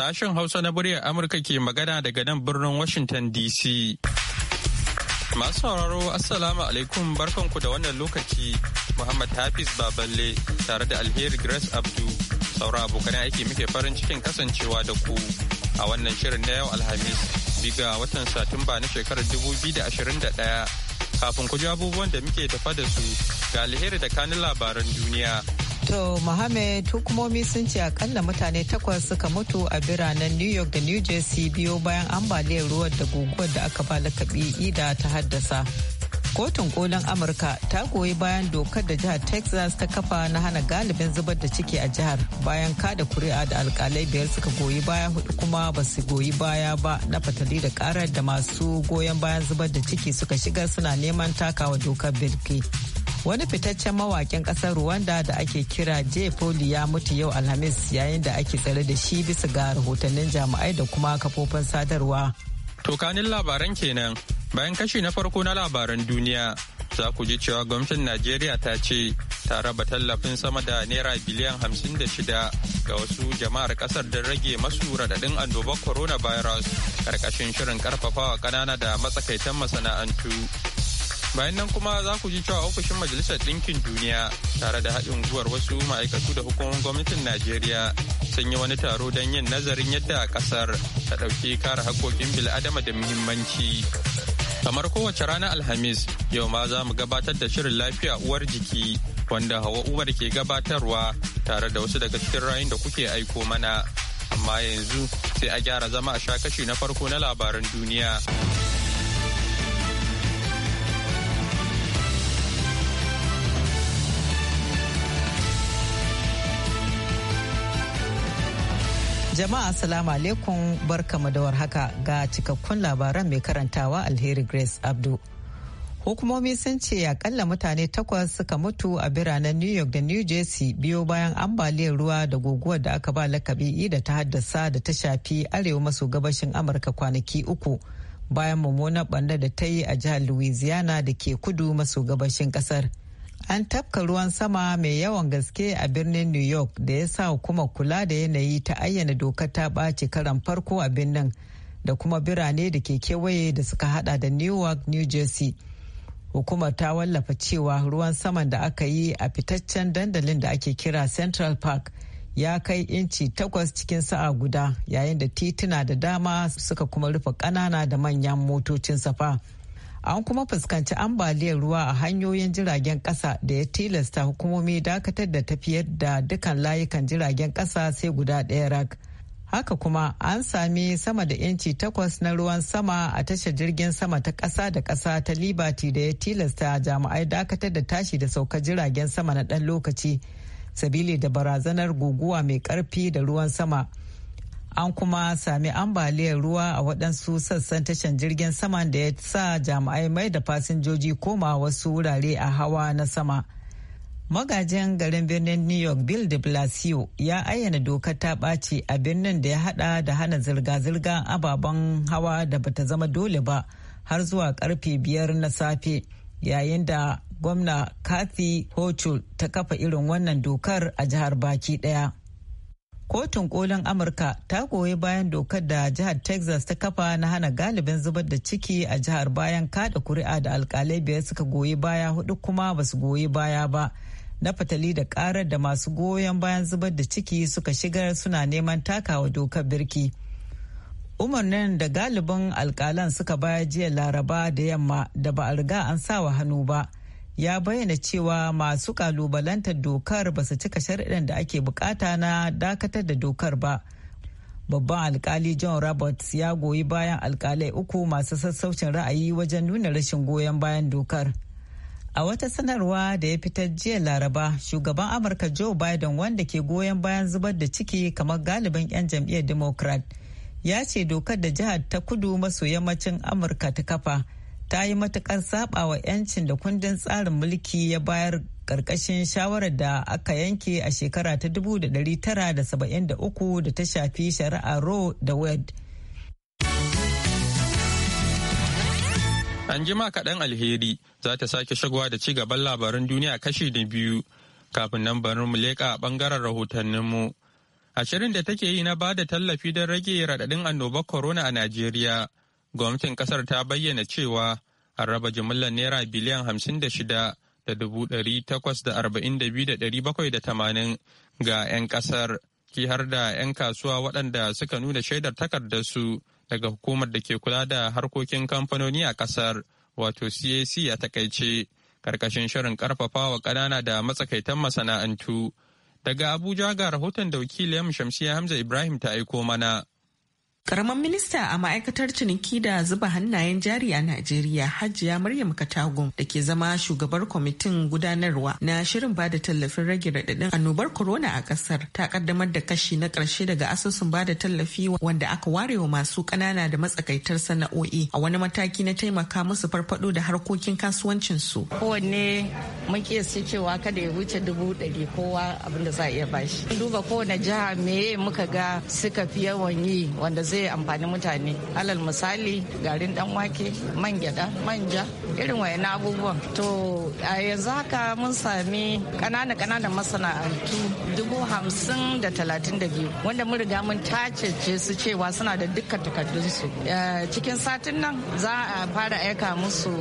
Sashen Hausa na muryar Amurka ke magana daga nan birnin Washington DC. Masu sauraro Assalamu alaikum barkanku da wannan lokaci Muhammad Hafiz Baballe tare da Alheri Grace Abdu saura abokan aiki muke farin cikin kasancewa da ku a wannan shirin na yau Alhamis biga watan Satumba na shekarar 2021 kafin ku ji abubuwan da muke tafa da su ga alheri da kanin labaran duniya. To Mohammed hukumomi sun ce akalla mutane takwas suka mutu a biranen New York da New Jersey biyo bayan ambaliyar ruwan da guguwar da aka ba lakabi ida ta haddasa. Kotun kolin Amurka ta goyi bayan dokar da jihar Texas ta kafa na hana galibin zubar da ciki a jihar bayan kada kuri'a da alkalai biyar suka goyi baya hudu kuma ba su goyi baya ba na fatali da karar da masu goyon bayan zubar da ciki suka shiga suna neman takawa dokar birki. wani fitaccen mawakin kasar rwanda da ake kira j poli ya mutu yau alhamis yayin da ake tsare da shi bisa ga rahotannin jami'ai da kuma kafofin sadarwa tokanin labaran kenan bayan kashi na farko na labaran duniya za ku ji cewa gwamnatin najeriya ta ce ta raba tallafin sama da naira biliyan hamsin da shida ga wasu jama'ar kasar don rage masu radadin annobar coronavirus karkashin shirin karfafawa ƙanana da matsakaitan masana'antu bayan nan kuma za ku ji cewa ofishin majalisar ɗinkin duniya tare da haɗin guwar wasu ma'aikatu da hukumomin gwamnatin najeriya sun yi wani taro don yin nazarin yadda ƙasar ta ɗauki kare haƙƙoƙin bil'adama da muhimmanci kamar kowace rana alhamis yau ma za mu gabatar da shirin lafiya uwar jiki wanda hawa umar ke gabatarwa tare da wasu daga cikin rayun da kuke aiko mana amma yanzu sai a gyara zama a sha kashi na farko na labaran duniya. Jama'a salamu alaikum barkamu da warhaka ga cikakkun labaran mai karantawa alheri Grace Abdu. Hukumomi sun ce akalla mutane takwas suka mutu a biranen New York da New Jersey biyo bayan ambaliyar ruwa da guguwar da aka ba lakabi da ta haddasa da ta shafi arewa maso gabashin Amurka kwanaki uku bayan mummunar banda da ta yi a jihar Louisiana da ke kudu maso gabashin kasar. an tafka ruwan sama mai yawan gaske a birnin new york da ya sa kuma kula da yanayi ta ayyana dokar ta ɓaci karan farko a birnin da kuma birane da ke kewaye da suka hada da newark new jersey hukumar ta wallafa cewa ruwan saman da aka yi a fitaccen dandalin da ake kira central park ya kai inci takwas cikin sa'a guda yayin da tituna da dama suka kuma rufe ƙanana da manyan motocin safa. an kuma fuskanci ambaliyar ruwa a hanyoyin jiragen kasa da ya tilasta hukumomi dakatar da tafiyar da dukkan layukan jiragen kasa sai guda ɗaya rak haka kuma an sami sama da inci takwas na ruwan sama a tashar jirgin sama ta ƙasa da ƙasa ta liberty da ya tilasta jami'ai dakatar da tashi da sauka jiragen sama na ɗan lokaci sabili da barazanar guguwa mai ƙarfi da ruwan sama. an kuma sami ambaliyar ruwa a waɗansu sassan tashan jirgin saman da ya sa jami'ai mai da fasinjoji koma wasu wurare a hawa na sama magajin garin birnin new york bill de blasio ya ayyana dokar ta ɓaci a birnin da ya haɗa da hana zirga zirga ababen hawa da bata zama dole ba har zuwa karfe biyar na safe yayin da gwamna kathy hochul ta kafa irin wannan dokar a jihar baki ɗaya. kotun kolin amurka ta goyi bayan dokar da jihar texas ta kafa na hana galibin zubar da ciki a jihar bayan kada kuri'a da alkalai biyar suka goyi baya hudu kuma ba su goyi baya ba na fatali da karar da masu goyon bayan zubar da ciki suka shigar suna neman takawa dokar birki umarnin da galibin alkalan suka baya jiya laraba da yamma da ba a riga an sa wa hannu ba. ya bayyana cewa masu kalubalantar dokar ba su cika shari'ar da ake bukata na dakatar da dokar ba. Babban alkali John Roberts ya goyi bayan alkalai uku masu sassaucin ra'ayi wajen nuna rashin goyon bayan dokar. A wata sanarwa da ya fitar jiya Laraba, shugaban Amurka Joe Biden wanda ke goyon bayan zubar da ciki kamar galibin 'yan jam'iyyar Democrat, ya ce dokar da jihar ta kudu maso yammacin Amurka ta kafa. ta yi matukar sabawa 'yancin da kundin tsarin mulki ya bayar ƙarƙashin shawarar da aka yanke a shekara ta 1973 da ta shafi shari'a roe da wade an jima kaɗan alheri za ta sake shigowa da ci gaban labaran duniya kashi da biyu kafin nan barin mu leƙa a ɓangaren rahotanninmu ashirin da take yi na ba da tallafi don rage raɗaɗin annobar corona a najeriya gwamnatin kasar ta bayyana cewa an raba jimillar naira biliyan hamsin da shida da dubu dari takwas da arba'in da biyu da dari bakwai da tamanin ga 'yan kasar ki har da 'yan kasuwa waɗanda suka nuna shaidar takardarsu daga hukumar da ke kula da harkokin kamfanoni a kasar wato cac a takaice karkashin shirin karfafa wa ƙanana da matsakaitan masana'antu daga abuja ga rahoton da wakiliyar shamsiya hamza ibrahim ta aiko mana karamar minista a ma'aikatar ciniki da zuba hannayen jari a Najeriya Hajiya Maryam Katagum da ke zama shugabar kwamitin gudanarwa na shirin bada tallafin rage raɗaɗin annobar corona a ƙasar ta ƙaddamar da kashi na ƙarshe daga asusun bada tallafi wanda aka ware wa masu ƙanana da matsakaitar sana'o'i a wani mataki na taimaka musu farfaɗo da harkokin kasuwancin su. Kowanne mun kiyasi cewa kada ya wuce dubu ɗari kowa abin za a iya bashi. Duba kowane jiha me muka ga suka fi yawan yi wanda zai zai amfani mutane alal misali garin dan wake man gyada manja irin wayan abubuwan to a yanzu haka mun sami kanana kananan masana'antu dubu hamsin da talatin da biyu wanda mun riga mun tacece su cewa suna da takardun su eh, cikin satin nan za a fara aika musu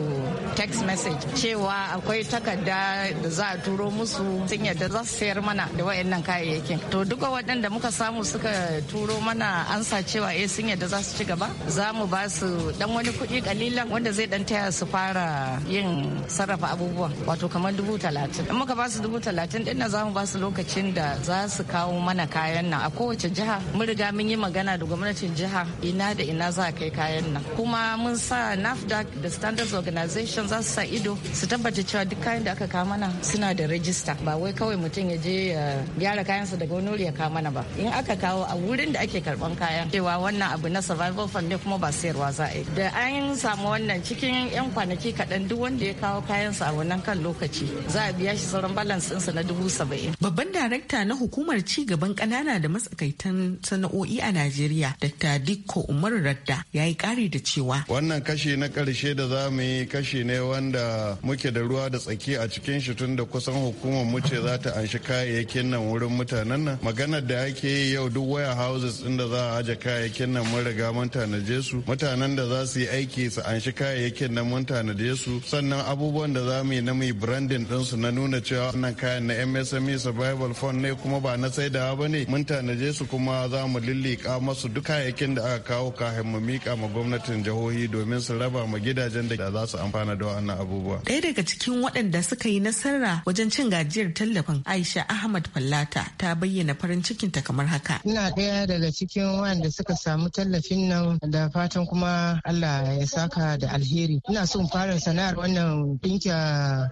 text message cewa akwai takarda da za a turo musu sun yadda za su sayar mana da wayannan kayayyakin to duka waɗanda muka samu suka turo mana ansa cewa eh, sun yadda za su ci gaba za mu ba su dan wani kuɗi kalilan wanda zai dan taya su fara yin sarrafa abubuwa wato kamar dubu talatin in muka ba su dubu talatin din za mu ba su lokacin da za su kawo mana kayan nan a kowace jiha mun riga mun yi magana da gwamnatin jiha ina da ina za a kai kayan nan kuma mun sa nafdac da standards organization za su sa ido su tabbata cewa duk kayan da aka kawo mana suna da rajista ba wai kawai mutum ya je ya gyara kayansa daga wani wuri ya kawo mana ba in aka kawo a wurin da ake karban kayan cewa wannan abu na survival fund ne kuma ba sayarwa za a yi da an samu wannan cikin yan kwanaki kaɗan duk wanda ya kawo kayan sa a wannan kan lokaci za a biya shi sauran balance ɗinsa na dubu saba'in. babban darakta na hukumar ci gaban ƙanana da matsakaitan sana'o'i a najeriya dr dikko umar radda ya yi ƙari da cewa. wannan kashi na ƙarshe da za mu yi kashi ne wanda muke da ruwa da tsaki a cikin shi tun da kusan hukumar mu ce za ta anshi kayayyakin nan wurin mutanen nan maganar da ake yi yau duk waya houses ɗin da za a aje kayayyakin kayayyakin nan mun riga mun tanaje su mutanen da za su yi aiki su an shi kayayyakin nan mun tanaje su sannan abubuwan da za mu yi na mai branding din su na nuna cewa wannan kayan na MSME Survival Fund ne kuma ba na saidawa ba ne mun tanaje su kuma za mu lillika masu duk kayayyakin da aka kawo kafin mu mika ma gwamnatin jihohi domin su raba ma gidajen da za su amfana da wannan abubuwa. Ɗaya daga cikin waɗanda suka yi nasara wajen cin gajiyar tallafin Aisha Ahmad Fallata ta bayyana farin cikinta kamar haka. Ina daya daga cikin wanda suka samu tallafin nan da fatan kuma Allah ya saka da alheri. Ina son fara sana'ar wannan dinka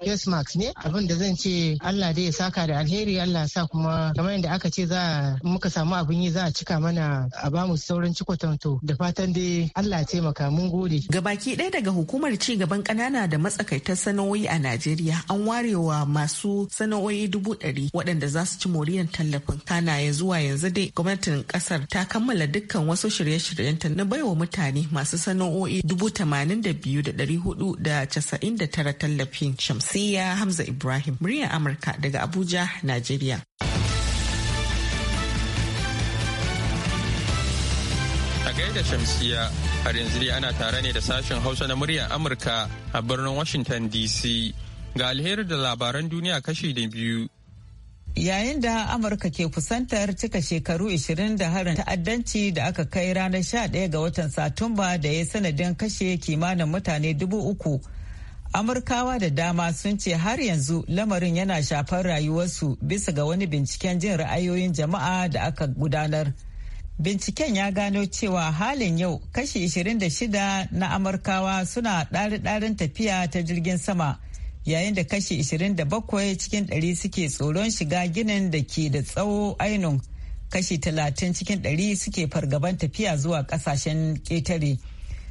face mask ne abin da zan ce Allah dai ya saka da alheri Allah sa kuma kamar yadda aka ce za muka samu abin yi za a cika mana a bamu sauran to da fatan dai Allah taimaka mun gode. Gabaki ɗaya daga hukumar ci gaban ƙanana da matsakaitar sana'o'i a Najeriya an warewa masu sana'o'i dubu ɗari waɗanda za su ci moriyan tallafin kana ya zuwa yanzu dai gwamnatin ƙasar ta kammala dukkan wasu wasu shirye-shiryenta na baiwa mutane masu sana'o'i tara tallafin Shamsiyya Hamza Ibrahim, muryar Amurka daga Abuja, Najeriya. A gaida Shamsiya, har yanzu dai ana tare ne da sashen Hausa na muryar Amurka a birnin Washington DC. Ga alherin da labaran duniya kashi da biyu. yayin da amurka ke kusantar cika shekaru 20 da harin ta'addanci da aka kai ranar 11 ga watan satumba da ya sanadin kashe kimanin mutane dubu uku amurkawa da dama sun ce har yanzu lamarin yana shafar rayuwarsu bisa ga wani binciken jin ra'ayoyin jama'a da aka gudanar binciken ya gano cewa halin yau kashi 26 na amurkawa suna ɗari-ɗarin tafiya ta jirgin sama yayin da kashi 27 cikin 100 suke tsoron shiga ginin da ke da tsawo ainun kashi 30 cikin 100 suke fargaban tafiya zuwa kasashen ƙetare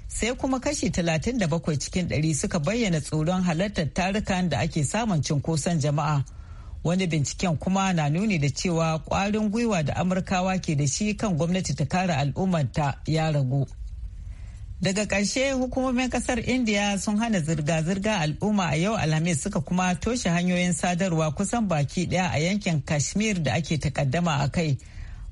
sai kuma kashi 37 cikin 100 suka bayyana tsoron halartar tarukan da ake samun cinkoson jama'a wani binciken kuma na nuni da cewa kwarin gwiwa da amurkawa ke da shi kan gwamnati ta kare al'ummarta ya ragu Daga ƙarshe hukumomin ƙasar India sun hana zirga-zirga al'umma a yau Alhamis suka kuma toshe hanyoyin sadarwa kusan baki ɗaya a yankin Kashmir da ake takaddama a kai.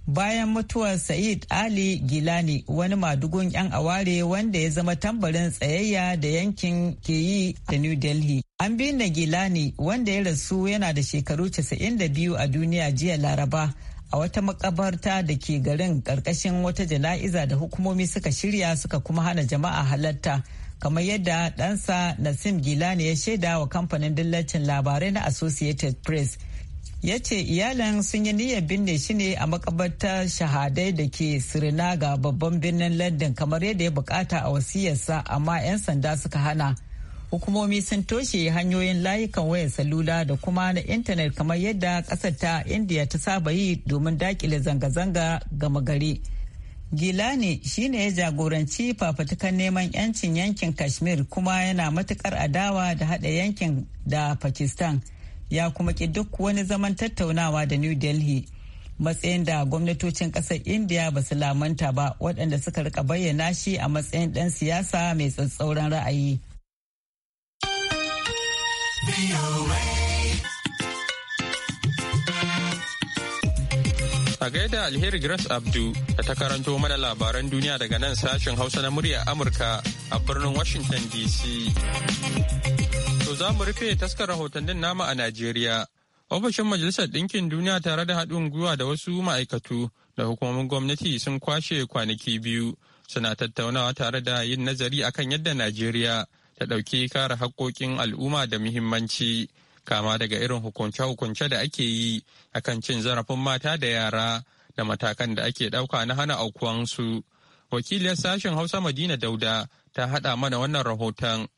Bayan mutuwar Sa'id Ali Gilani wani madugun 'yan aware wanda ya zama tambarin tsayayya da yankin ke yi da New Delhi. An binne Gilani wanda ya rasu yana da shekaru 92 a duniya jiya Laraba. a wata makabarta da ke garin karkashin wata jana'iza da hukumomi suka shirya suka kuma hana jama'a halatta kamar yadda ɗansa nasim gilani ya shaida wa kamfanin dillacin labarai na associated press ya ce iyalan sun yi niyyar binne shi ne a makabartar shahadai da ke sirina ga babban birnin london kamar yadda ya bukata a wasiyarsa amma 'yan sanda suka hana. hukumomi sun toshe hanyoyin layukan wayar salula da kuma na intanet kamar yadda kasar ta indiya ta saba yi domin dakile zanga-zanga gama gari gilani shine ya jagoranci fafatukan neman yancin yankin kashmir kuma yana matukar adawa da hada yankin da pakistan ya kuma ki duk wani zaman tattaunawa da new delhi matsayin da gwamnatocin kasar indiya ba su lamanta ba waɗanda suka rika bayyana shi a matsayin ɗan siyasa mai tsatsauran ra'ayi. A gaida Alheri Grace Abdu da ta karanto mana labaran duniya daga nan sashen Hausa na murya Amurka a birnin Washington DC. To za mu rufe taskar rahotannin nama a Najeriya. Ofishin Majalisar Ɗinkin Duniya tare da haɗin gwiwa da wasu ma'aikatu da hukumomin gwamnati sun kwashe kwanaki biyu suna tattaunawa tare da yin nazari akan yadda Najeriya ta ɗauki kare haƙƙoƙin al'umma da muhimmanci kama daga irin hukunce-hukunce da ake yi akan cin zarafin mata da yara da matakan da ake ɗauka na hana aukuwansu. Wakiliyar sashen Hausa Madina Dauda ta haɗa mana wannan rahoton.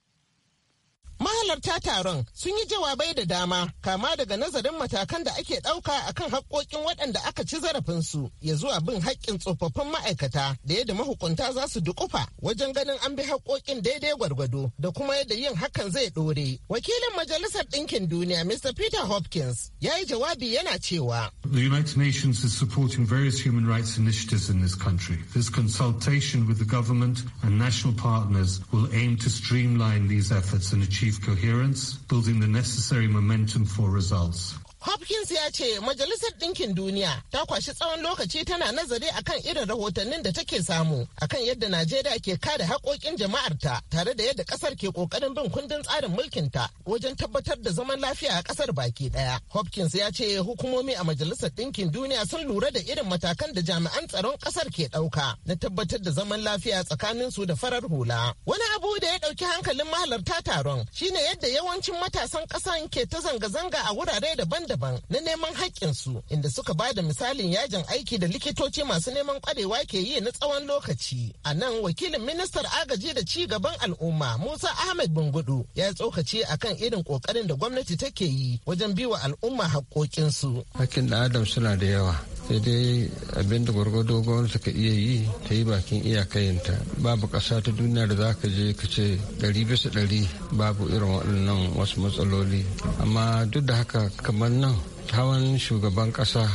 Mahalarta taron sun yi jawabai da dama kama daga nazarin matakan da ake ɗauka haƙƙoƙin waɗanda aka ci zarafinsu ya zuwa bin haƙƙin tsofaffin ma'aikata da yadda mahukunta za su dukufa wajen ganin an bi haƙƙoƙin daidai gwargwado da kuma yadda yin hakan zai ɗore. Wakilin Majalisar Ɗinkin Duniya Mr. Peter Hopkins ya yi jawabi yana cewa. The United Nations is supporting various human rights initiatives in this country. This consultation with the government and national partners will aim to streamline these efforts and achieve achieve coherence, building the necessary momentum for results. Hopkins ya ce Majalisar Ɗinkin Duniya ta kwashi tsawon lokaci tana nazari akan irin rahotannin da take samu akan yadda Najeriya ke kare haƙoƙin jama'arta tare da yadda ƙasar ke ƙoƙarin bin kundin tsarin mulkinta wajen tabbatar da zaman lafiya a ƙasar baki ɗaya. Hopkins ya ce hukumomi a Majalisar Ɗinkin Duniya sun lura da irin matakan da jami'an tsaron ƙasar ke ɗauka na tabbatar da zaman lafiya tsakanin su da farar hula. Wani abu da ya ɗauki hankalin mahalarta taron shine yadda yawancin matasan ƙasan ke ta zanga-zanga a wurare daban-daban daban na neman su inda suka ba da misalin yajin aiki da likitoci masu neman kwarewa ke yi na tsawon lokaci. A nan wakilin ministar agaji da ci gaban al'umma Musa Ahmed Bungudu ya tsokaci akan irin ƙoƙarin da gwamnati take yi wajen biwa al'umma haƙƙoƙinsu. Haƙƙin da Adam suna da yawa. sai dai abin da gwargwado gwamnati ka iya yi ta yi bakin iyakayinta babu ƙasa ta duniya da za ka je ka ce ɗari bisa ɗari babu irin waɗannan wasu matsaloli amma duk da haka kamar nan hawan shugaban ƙasa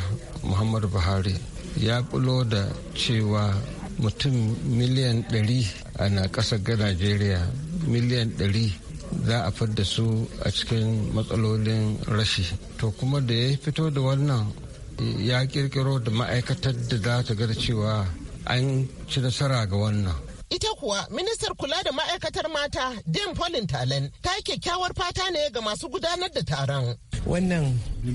muhammadu buhari ya bulo da cewa mutum miliyan ɗari ana ƙasar ga najeriya miliyan ɗari za a fadda su a cikin matsalolin rashi to kuma da ya fito da wannan ya kirkiro da ma'aikatar da za ta ga cewa an ci nasara ga wannan ita kuwa ministar kula da ma'aikatar mata din polin talen ta yi kyakkyawar fata ne ga masu gudanar da taron wannan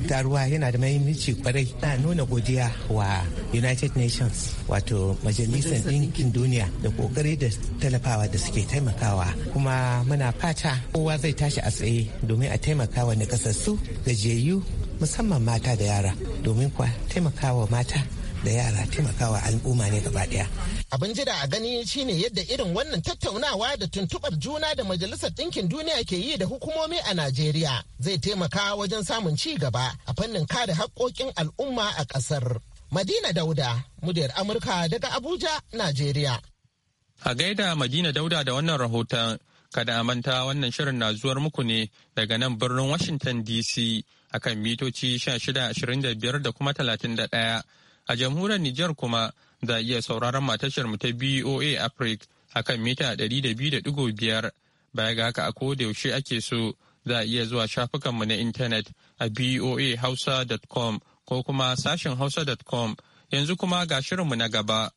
taruwa yana da mahimmanci kwarai na nuna godiya wa united nations wato majalisar dinkin duniya da kokari da talafawa da suke taimakawa kuma muna fata kowa zai tashi a tsaye domin a taimakawa na kasassu gajiyayyu musamman mata da yara domin kuwa taimakawa mata da yara taimakawa al'umma ne gaba daya. Abin jira a gani shine yadda irin wannan tattaunawa da tuntuɓar juna da Majalisar Ɗinkin Duniya ke yi da hukumomi a Najeriya zai taimaka wajen samun ci gaba a fannin kare haƙƙoƙin al'umma a ƙasar. Madina Dauda, muryar Amurka daga Abuja, Najeriya. A gaida Madina Dauda da wannan rahoton, kada a manta wannan shirin na zuwar muku ne daga nan birnin Washington DC akan mitoci 1625 da kuma 31 a jamhuriyar Nijar kuma za a iya sauraron matashar mu ta BOA Africa akan mita 200.5 baya ga haka a koda yaushe ake so za a iya zuwa shafukanmu na intanet a boahausa.com ko kuma sashen hausa.com yanzu kuma ga shirinmu na gaba.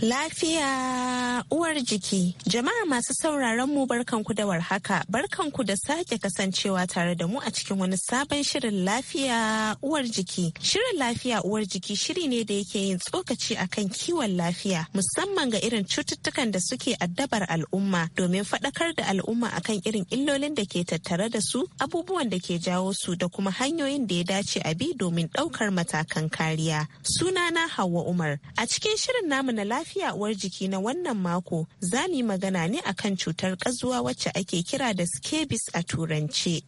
Lafiya uwar jiki. Jama'a masu sauraron mu barkanku da warhaka. Barkanku da sake kasancewa tare da mu a cikin wani sabon shirin lafiya uwar jiki. Shirin lafiya uwar jiki shiri ne da yake yin tsokaci akan kiwon lafiya musamman ga irin cututtukan da suke addabar al'umma domin faɗakar da al'umma akan irin illolin da ke tattare da su, abubuwan da ke jawo su da kuma hanyoyin da ya dace a bi domin ɗaukar matakan kariya. Sunana Hauwa Umar. A cikin shirin namu na lafiya uwar jiki na wannan mako za mu yi magana ne akan cutar kazuwa wacce ake kira da skebis a turance.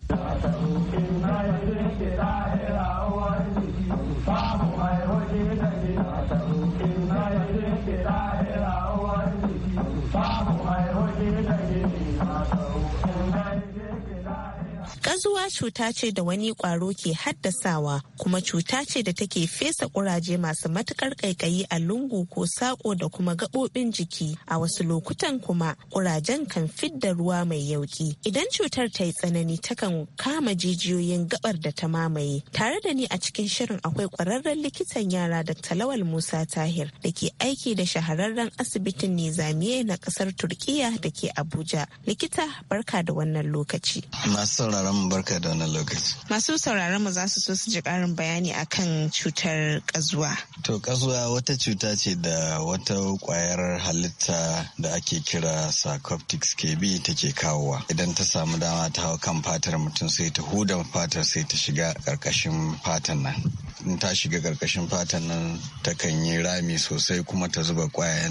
Ƙazuwa cuta ce da wani ƙwaro ke haddasawa kuma cuta ce da take fesa ƙuraje masu matuƙar ƙaiƙayi a lungu ko saƙo da kuma gaɓoɓin jiki. A wasu lokutan kuma ƙurajen kan fidda ruwa mai yauƙi. Idan cutar ta yi tsanani takan kama jijiyoyin gaɓar da ta mamaye. Tare da ni a cikin shirin akwai ƙwararren likitan yara da Talawal Musa Tahir da ke aiki da shahararren asibitin Nizamiye na ƙasar Turkiya da ke Abuja. Likita barka da wannan lokaci. Masu sauraron mu barka da wannan lokaci. Masu sauraron mu za su so su ji ƙarin bayani akan cutar kazuwa. To kazuwa wata cuta ce da wata ƙwayar halitta da ake kira sarcoptic KB take kawowa. Idan ta samu dama ta hau kan fatar mutum sai ta huda fatar sai ta shiga ƙarƙashin fatan nan. In ta shiga ƙarƙashin fatar nan ta kan yi rami sosai kuma ta zuba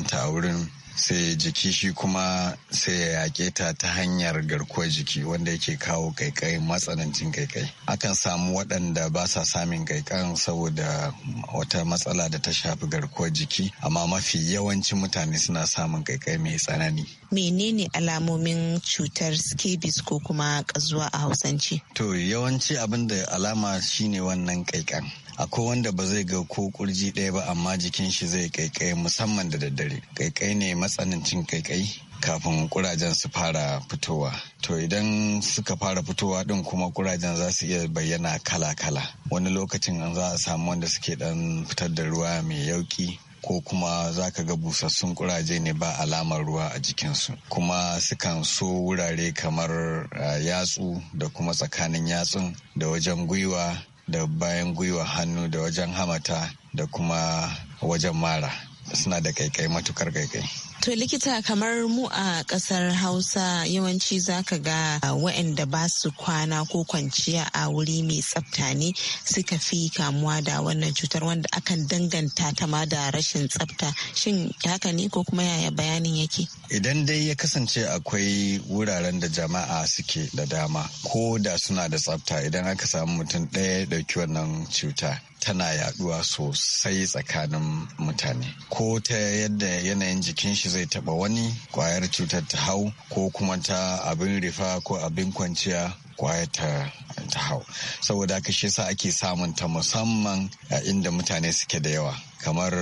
ta a wurin sai jiki shi kuma sai ya yaƙe ta ta hanyar garkuwar jiki wanda yake kawo kaikai matsanancin kaikai akan samu waɗanda ba sa samun kaikan saboda wata matsala da ta shafi garkuwar jiki amma mafi yawancin mutane suna samun kaikai mai tsanani menene alamomin cutar scabies ko kuma ƙazuwa a hausance to yawanci abin da alama shine wannan kaikan akwai wanda ba zai ga ko kurji ɗaya ba amma jikin shi zai kaikai musamman da daddare kaikai ne matsanancin kaikai kafin kurajen su fara fitowa to idan suka fara fitowa din kuma kurajen za su iya bayyana kala-kala wani lokacin an za a samu wanda suke dan fitar da ruwa mai yauki ko kuma za ka ga busassun kuraje ne ba alamar ruwa a jikinsu kuma sukan so wurare kamar ah, yatsu da kuma tsakanin yatsun da wajen gwiwa da bayan gwiwa hannu da wajen hamata da kuma wajen mara suna da kaikai matukar kaikai To likita kamar mu a kasar Hausa yawanci zaka ga waɗanda ba su kwana ko kwanciya a wuri mai tsafta ne suka fi kamuwa da wannan cutar wanda akan danganta ta ma da rashin tsafta. Shin haka ne ko kuma yaya bayanin yake? Idan dai ya kasance akwai wuraren da jama'a suke da dama ko da suna da tsafta idan aka samu mutum ɗaya ya ɗauki wannan cuta tana yaduwa sosai tsakanin mutane ko ta yadda yanayin jikin shi zai taba wani kwayar cutar ta hau ko kuma ta abin rifa ko abin kwanciya kwayar ta ta hau saboda haka shi ake samun ta musamman a inda mutane suke da yawa kamar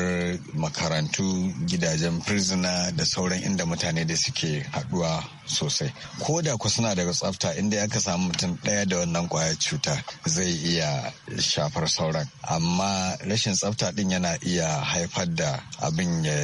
makarantu gidajen firzina da sauran inda mutane da suke haduwa sosai ko da ku suna daga tsafta inda aka samu mutum ɗaya da wannan kwayar cuta zai iya shafar sauran amma rashin tsafta din yana iya haifar da abin ya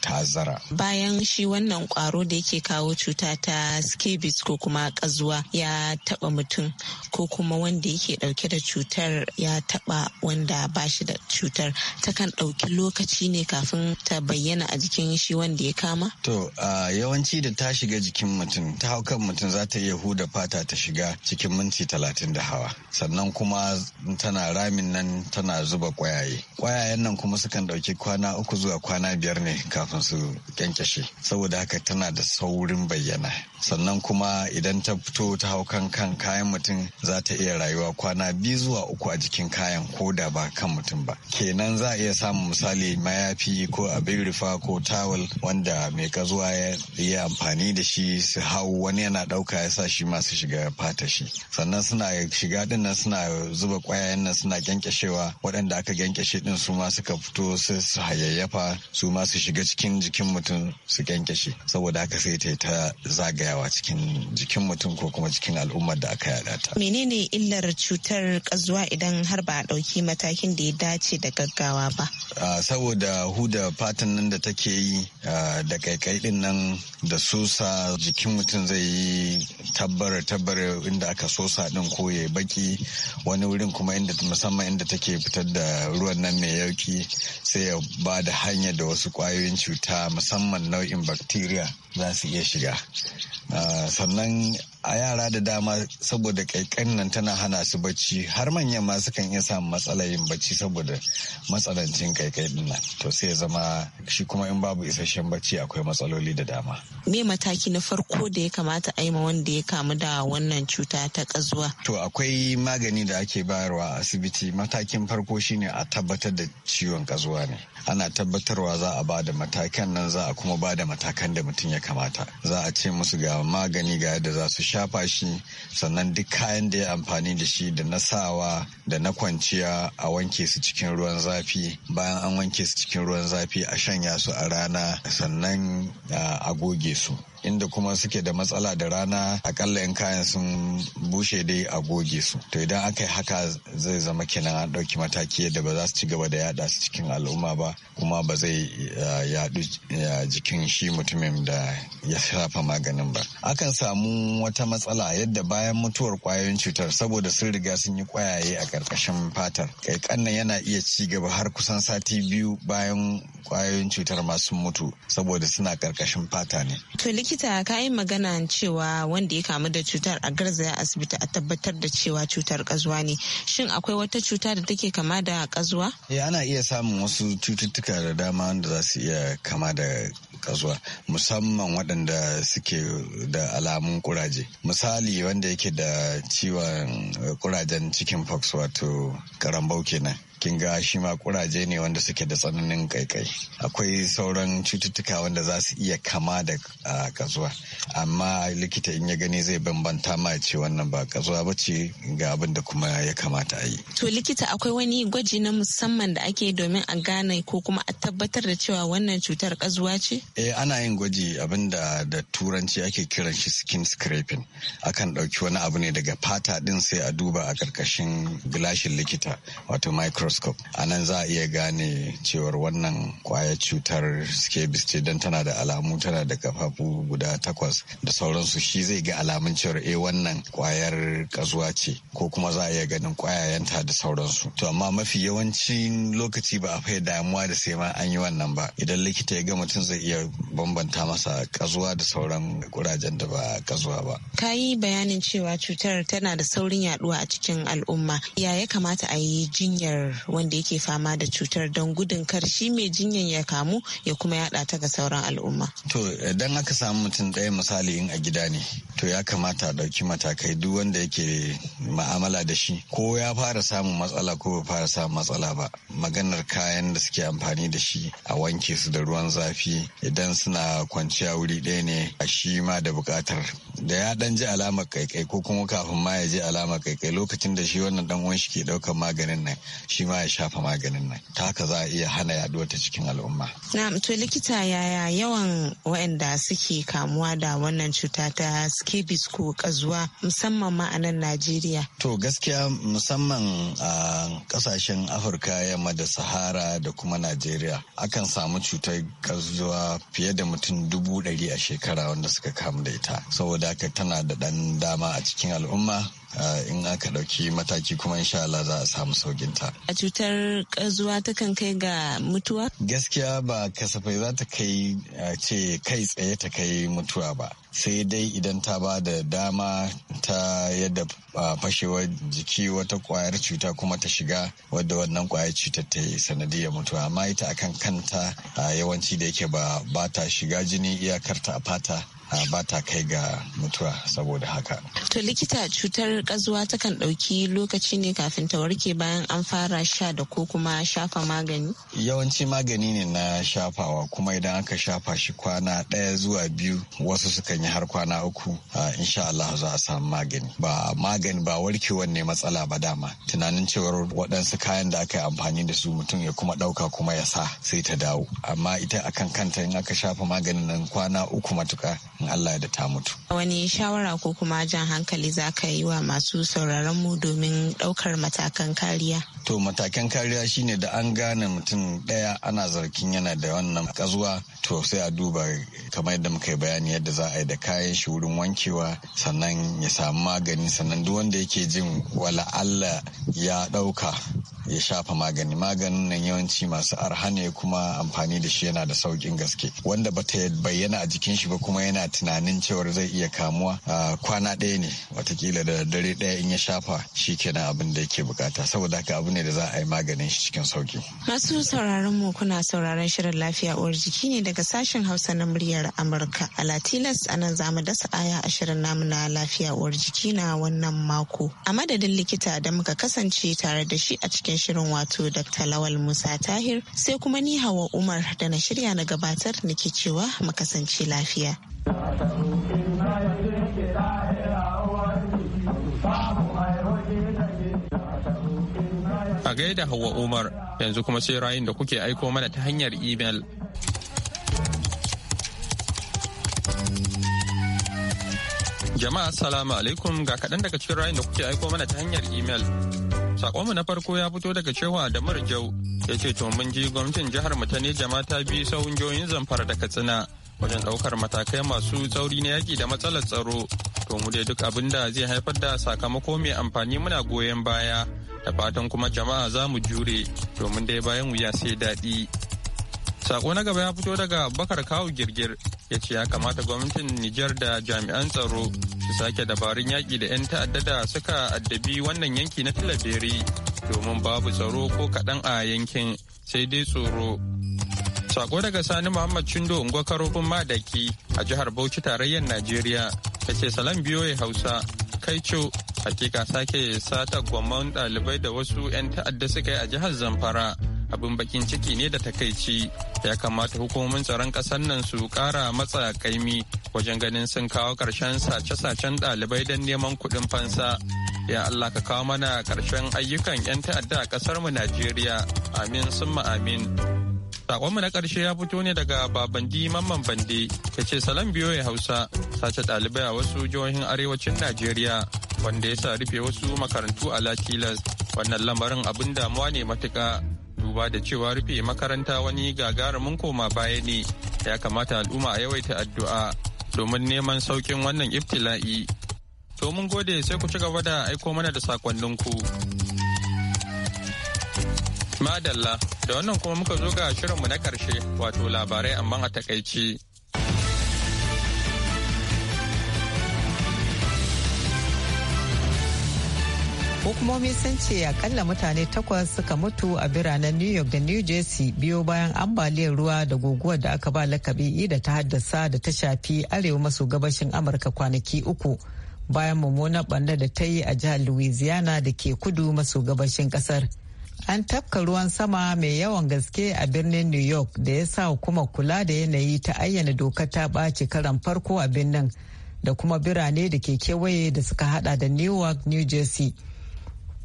tazara bayan shi wannan kwaro da yake kawo cuta ta scabies ko kuma kazuwa ya taba mutum ko kuma wanda yake dauke da cutar ya taba wanda ba shi da cutar ta kan dauki ɗauki lokaci ne kafin ta bayyana a jikin shi wanda ya kama? To uh, yawanci da ta shiga jikin mutum ta hau kan mutum za ta iya huda fata ta shiga cikin minti talatin da hawa sannan kuma tana ramin nan tana zuba kwayaye kwayayen nan kuma sukan ɗauki kwana uku zuwa kwana biyar ne kafin su kyankyashe saboda haka tana da saurin bayyana sannan kuma idan ta fito ta hau kan kan kayan mutum za ta iya rayuwa kwana biyu zuwa uku a jikin kayan ko da ba kan mutum ba kenan za a iya samun misali mayafi ko abin rufa ko tawul wanda mai kazuwa ya yi amfani da shi su hau wani yana ɗauka ya sa shi masu shiga fata shi sannan suna shiga din nan suna zuba ƙwayayen nan suna kyankyashewa waɗanda aka kyankyashe din su ma suka fito su hayayyafa su ma su shiga cikin jikin mutum su kyankyashe saboda haka sai ta ta zagayawa cikin jikin mutum ko kuma cikin al'ummar da aka yada ta. Menene illar cutar kazuwa idan har ba a ɗauki matakin da ya dace da gaggawa ba? Ah, saboda huda fatan nan da take yi ah, da kaikai din nan da sosa jikin mutum zai yi tabbara tabbara inda aka sosa din ko ya baki wani wurin kuma inda musamman inda take fitar da ruwan nan mai yauki sai ya ba da hanya da wasu kwayoyin cuta musamman nau'in bacteria za su iya shiga ah, sannan a yara da dama saboda kaikan nan tana hana su bacci har manyan ma sukan iya samun matsalayin bacci saboda matsalancin kaikai din nan to sai ya zama shi kuma in babu isasshen bacci akwai matsaloli da dama me mataki na farko da ya kamata a yi ma wanda ya kamu da wannan cuta ta kazuwa to akwai magani da ake bayarwa a asibiti matakin farko shine a tabbatar da ciwon kazuwa ne ana tabbatarwa za a ba matakan nan za a kuma bada matakan da mutum ya kamata za a ce musu ga magani ga yadda za su shafa shi sannan duk kayan da ya amfani da shi da na sawa da na kwanciya a wanke su cikin ruwan zafi bayan an wanke su cikin ruwan zafi a shanya su a rana sannan a goge su inda kuma suke da matsala da rana akalla in kayan sun bushe dai a goge su to idan aka yi haka zai zama kenan an ɗauki mataki yadda ba za su ci gaba da yada su cikin al'umma ba kuma ba zai eh, yadu eh, jikin shi mutumin da ya shafa maganin ba akan samu wata matsala yadda bayan mutuwar kwayoyin cutar saboda sun riga sun yi kwayaye a ƙarƙashin fatar kai kannan yana iya ci gaba har kusan sati biyu bayan kwayoyin cutar masu mutu saboda suna ƙarƙashin fata ne likita ka yi magana cewa wanda ya kamu da cutar a garzaya asibiti a tabbatar da cewa cutar kazuwa ne shin akwai wata cuta da take kama da kazuwa eh ana iya samun wasu cututtuka da dama wanda za su iya kama da kazuwa musamman waɗanda suke da alamun kuraje misali wanda yake da ciwon kurajen eh, chicken pox wato karambau kenan kin ga shi ma kuraje ne wanda suke da tsananin kaikai akwai sauran cututtuka wanda za su iya kama da kazuwa amma likita in ya gani zai bambanta ma ce wannan ba kazuwa ba ce ga abin da kuma ya kamata a yi to likita akwai wani gwaji na musamman da ake domin a gane ko kuma a tabbatar da cewa wannan cutar kazuwa ce eh ana yin gwaji abin da da turanci ake kiran shi skin scraping akan dauki wani abu ne daga fata din sai a duba a karkashin gilashin likita wato micro microscope a nan za a iya gane cewar wannan kwaya cutar scabies ce don tana da alamu tana da kafafu guda takwas da sauransu shi zai ga alamun cewar A eh, wannan kwayar kazuwa ce ko kuma za a iya ganin kwayayenta da sauransu to amma mafi yawancin lokaci ba a fai damuwa da sai ma an yi wannan ba idan likita ya ga mutum zai iya bambanta masa kazuwa da sauran kurajen da ba kazuwa ba ka yi bayanin cewa cutar tana da saurin yaduwa a cikin al'umma ya ya kamata a yi jinyar wanda yake fama da cutar don gudun kar shi mai jinyan ya kamu ya kuma yada ta ga sauran al'umma. To idan aka samu mutum ɗaya misali in a gida ne to ya kamata a ɗauki matakai duk wanda yake ma'amala da shi ko ya fara samun matsala ko bai fara samun matsala ba maganar kayan da suke amfani da shi a wanke su da ruwan zafi idan suna kwanciya wuri ɗaya ne a shi ma da buƙatar da ya ɗan ji alamar kaikai ko kuma kafin ma ya ji alamar kaikai lokacin da shi wannan ɗan uwan shi ke ɗaukar maganin nan shi ya shafa maganin nan ta haka za a iya hana yaduwa ta cikin al'umma. Na to likita yaya yawan waɗanda suke kamuwa da wannan cuta ta scabies ko kazuwa musamman ma a nan Najeriya? To gaskiya musamman a kasashen Afirka yamma da Sahara da kuma Najeriya akan samu cutar kazuwa fiye da mutum dubu ɗari a shekara wanda suka kamu da ita. Saboda haka tana da ɗan dama a cikin al'umma Eh, in aka ɗauki mataki kuma insha Allah za a samu saukin ta. A cutar ƙazuwa takan kai ga mutuwa? Gaskiya ba kasafai za ta kai eh, ce kai tsaye ta kai mutuwa ba. sai dai idan ta ba da dama ta yadda eh, fashewar jiki wata kwayar cuta kuma ta shiga wadda wannan kwayar cutar ta yi sanadiyar mutuwa amma ita akan kanta yawanci da yake ba ta shiga jini iyakarta a fata ba ta kai ga mutuwa saboda haka. To likita cutar kazuwa takan ɗauki lokaci ne kafin ta warke bayan an fara sha da ko kuma shafa magani? Yawanci magani ne na shafawa kuma idan aka shafa shi kwana ɗaya zuwa biyu wasu sukan yi har kwana uku insha Allah za a samu magani. Ba magani ba warkewar ne matsala ba dama tunanin cewar waɗansu kayan da aka yi amfani da su mutum ya kuma ɗauka kuma ya sa sai ta dawo amma ita akan kanta in aka shafa maganin nan kwana uku matuka Allah da ta mutu. Wani shawara ko kuma jan hankali za ka yi wa masu sauraron mu domin ɗaukar matakan kariya? to matakan kariya shine da an gane mutum daya ana zargin yana da wannan kazuwa to sai a duba kamar yadda muka yi bayani yadda za a yi da kayan shi wurin wankewa sannan ya samu magani sannan duk wanda yake jin wala Allah ya dauka ya shafa magani maganin nan yawanci masu arha ne kuma amfani da shi yana da saukin gaske wanda bata bayyana a jikin shi ba kuma yana tunanin cewar zai iya kamuwa kwana ɗaya ne watakila da dare ɗaya in ya shafa shi kenan abin da yake bukata saboda haka abu ne da za a yi maganin shi cikin sauki. Masu sauraron mu kuna sauraron shirin lafiya uwar jiki ne daga sashen Hausa na muryar Amurka a Latinas a nan zamu dasa aya a shirin namu na lafiya uwar jiki na wannan mako. A madadin likita da muka kasance tare da shi a cikin shirin wato Dr. Lawal Musa Tahir sai kuma ni Hawa Umar da na shirya na gabatar nake cewa mu kasance lafiya. gaida Hauwa Umar yanzu kuma sai rayun da kuke aiko mana ta hanyar email. Jama'a salamu alaikum ga kaɗan daga cikin rayun da kuke aiko mana ta hanyar email. Sakonmu na farko ya fito daga cewa da Jau ya ce to mun ji gwamnatin jihar mu ta ne jama'a ta bi sauyin jihohin zamfara da Katsina wajen ɗaukar matakai masu tsauri na yaƙi da matsalar tsaro to mu dai duk abin da zai haifar da sakamako mai amfani muna goyon baya da fatan kuma jama'a za mu jure domin dai bayan wuya sai daɗi. Sako na gaba ya fito daga Bakar Kawu Girgir ya ce ya kamata gwamnatin Nijar da jami'an tsaro su sake dabarun yaƙi da 'yan ta'adda da suka addabi wannan yanki na Tilaberi domin babu tsaro ko kaɗan a yankin sai dai tsoro Sako daga Sani Muhammad Chindo Ungo Karofin Madaki a jihar Bauchi tarayyar Najeriya ta ce salam ya Hausa kai Kaico hakika sake sata gwamman dalibai da wasu 'yan ta'adda suka yi a jihar Zamfara abin bakin ciki ne da takaici ya kamata hukumomin tsaron ƙasar nan su kara matsa kaimi wajen ganin sun kawo karshen sace-sacen dalibai don neman kuɗin fansa. ya Allah ka kawo mana karshen ayyukan 'yan ta'adda a mu Najeriya amin summa amin. Sakonmu na ƙarshe ya fito ne daga Babandi Mamman Bande ya ce salon biyo ya Hausa sace ɗalibai a wasu jihohin arewacin Najeriya wanda ya sa rufe wasu makarantu a Latilas. Wannan lamarin abin damuwa ne matuƙa duba da cewa rufe makaranta wani gagarumin koma baya ne ya kamata al'umma a yawaita addu'a domin neman saukin wannan iftilai To mun gode sai ku ci gaba da aiko mana da sakonninku. Madalla, da wannan kuma muka zo ga shirinmu na karshe wato labarai amma a takaici. Hukumomi sun ce akalla mutane takwas suka mutu a biranen New York da New Jersey biyo bayan ambaliyar ruwa da guguwar da aka ba lakabi e da ta haddasa da ta shafi arewa maso gabashin Amurka kwanaki uku. bayan mummunar ɓanna da ta yi a jihar louisiana da ke kudu maso gabashin ƙasar an tafka ruwan sama mai yawan gaske a birnin new york da ya sa kuma kula da yanayi ta ayyana dokar ta ɓaci karan farko a birnin da kuma birane da ke kewaye da suka hada da newark new jersey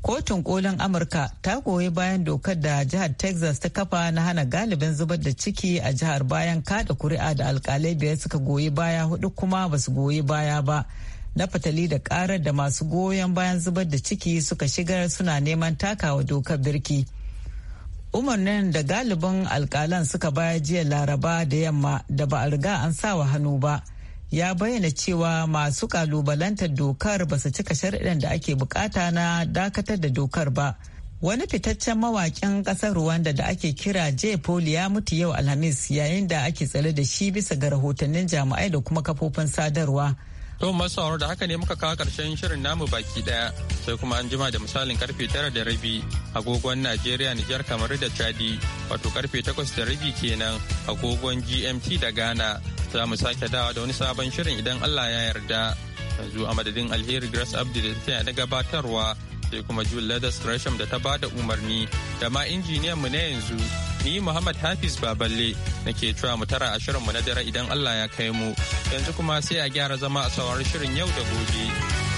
kotun kolin amurka ta goyi bayan dokar da jihar texas ta kafa na hana galibin zubar da ciki a jihar bayan kada kuri'a da alkalai biyar suka goyi baya hudu kuma basu goyi baya ba na fatali da karar da masu goyon bayan zubar da ciki suka shigar suna neman takawa dokar birki. umarnin da galibin alkalan suka bayar jiya laraba da yamma da ba a riga an sawa hannu ba ya bayyana cewa masu kalubalantar dokar ba su cika shari'ar da ake bukata na dakatar da dokar ba wani fitaccen mawaƙin ƙasar rwanda da ake kira j paul ya mutu yau alhamis yayin da ake tsare da shi bisa ga rahotannin jami'ai da kuma kafofin sadarwa. To masu sauraro da haka ne muka kawo karshen shirin namu baki daya sai kuma an jima da misalin karfe tara da rabi agogon Najeriya Nijar kamar da Chadi wato karfe takwas da rabi kenan agogon GMT da Ghana za mu sake dawa da wani sabon shirin idan Allah ya yarda yanzu a madadin alheri Grace Abdi da ta gabatarwa sai kuma Jule Leathers Gresham da ta ba da umarni da ma injiniyan mu na yanzu ni Muhammad Hafiz Baballe nake cewa mu tara a shirin mu na dare idan Allah ya kai mu yanzu kuma sai a gyara zama a sauraron shirin yau da gobe.